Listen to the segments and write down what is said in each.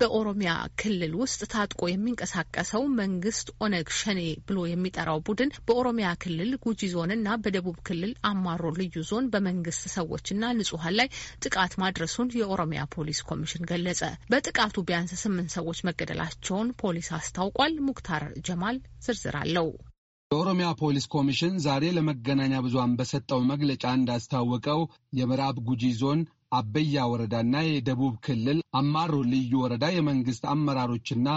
በኦሮሚያ ክልል ውስጥ ታጥቆ የሚንቀሳቀሰው መንግስት ኦነግ ሸኔ ብሎ የሚጠራው ቡድን በኦሮሚያ ክልል ጉጂ ዞንና በደቡብ ክልል አማሮ ልዩ ዞን በመንግስት ሰዎችና ንጹሀን ላይ ጥቃት ማድረሱን የኦሮሚያ ፖሊስ ኮሚሽን ገለጸ። በጥቃቱ ቢያንስ ስምንት ሰዎች መገደላቸውን ፖሊስ አስታውቋል። ሙክታር ጀማል ዝርዝር አለው። የኦሮሚያ ፖሊስ ኮሚሽን ዛሬ ለመገናኛ ብዙሃን በሰጠው መግለጫ እንዳስታወቀው የምዕራብ ጉጂ ዞን አበያ ወረዳና የደቡብ ክልል አማሮ ልዩ ወረዳ የመንግስት አመራሮችና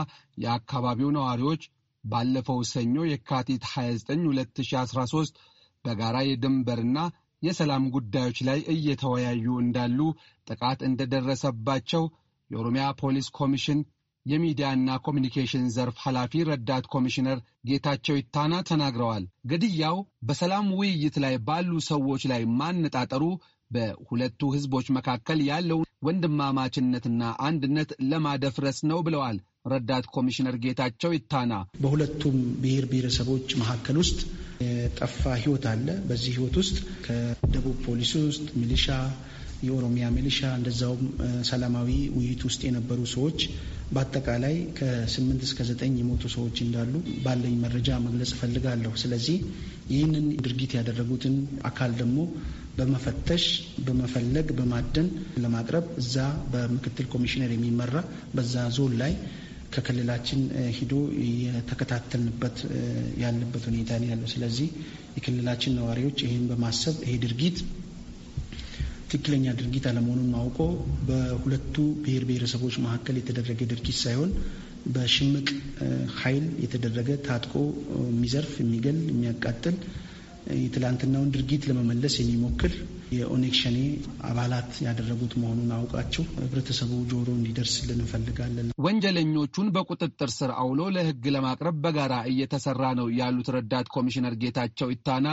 የአካባቢው ነዋሪዎች ባለፈው ሰኞ የካቲት 29 2013 በጋራ የድንበርና የሰላም ጉዳዮች ላይ እየተወያዩ እንዳሉ ጥቃት እንደደረሰባቸው የኦሮሚያ ፖሊስ ኮሚሽን የሚዲያና ኮሚኒኬሽን ዘርፍ ኃላፊ ረዳት ኮሚሽነር ጌታቸው ይታና ተናግረዋል። ግድያው በሰላም ውይይት ላይ ባሉ ሰዎች ላይ ማነጣጠሩ በሁለቱ ህዝቦች መካከል ያለውን ወንድማማችነትና አንድነት ለማደፍረስ ነው ብለዋል። ረዳት ኮሚሽነር ጌታቸው ይታና በሁለቱም ብሔር ብሔረሰቦች መካከል ውስጥ የጠፋ ህይወት አለ። በዚህ ህይወት ውስጥ ከደቡብ ፖሊስ ውስጥ ሚሊሻ የኦሮሚያ ሚሊሻ እንደዛውም ሰላማዊ ውይይት ውስጥ የነበሩ ሰዎች በአጠቃላይ ከስምንት እስከ ዘጠኝ የሞቱ ሰዎች እንዳሉ ባለኝ መረጃ መግለጽ እፈልጋለሁ። ስለዚህ ይህንን ድርጊት ያደረጉትን አካል ደግሞ በመፈተሽ በመፈለግ በማደን ለማቅረብ እዛ በምክትል ኮሚሽነር የሚመራ በዛ ዞን ላይ ከክልላችን ሂዶ የተከታተልንበት ያለበት ሁኔታ ያለው። ስለዚህ የክልላችን ነዋሪዎች ይህን በማሰብ ይሄ ድርጊት ትክክለኛ ድርጊት አለመሆኑን አውቆ በሁለቱ ብሔር ብሔረሰቦች መካከል የተደረገ ድርጊት ሳይሆን በሽምቅ ኃይል የተደረገ ታጥቆ የሚዘርፍ፣ የሚገል፣ የሚያቃጥል የትላንትናውን ድርጊት ለመመለስ የሚሞክር የኦነግ አባላት ያደረጉት መሆኑን አውቃችሁ ህብረተሰቡ ጆሮ እንዲደርስልን እንፈልጋለን። ወንጀለኞቹን በቁጥጥር ስር አውሎ ለህግ ለማቅረብ በጋራ እየተሰራ ነው ያሉት ረዳት ኮሚሽነር ጌታቸው ኢታና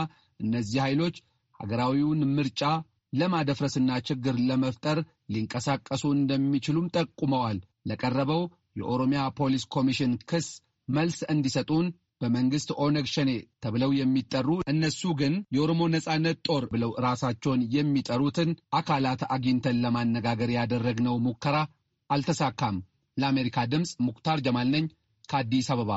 እነዚህ ኃይሎች ሀገራዊውን ምርጫ ለማደፍረስና ችግር ለመፍጠር ሊንቀሳቀሱ እንደሚችሉም ጠቁመዋል። ለቀረበው የኦሮሚያ ፖሊስ ኮሚሽን ክስ መልስ እንዲሰጡን በመንግስት ኦነግ ሸኔ ተብለው የሚጠሩ እነሱ ግን የኦሮሞ ነጻነት ጦር ብለው ራሳቸውን የሚጠሩትን አካላት አግኝተን ለማነጋገር ያደረግነው ሙከራ አልተሳካም። ለአሜሪካ ድምፅ ሙክታር ጀማል ነኝ ከአዲስ አበባ።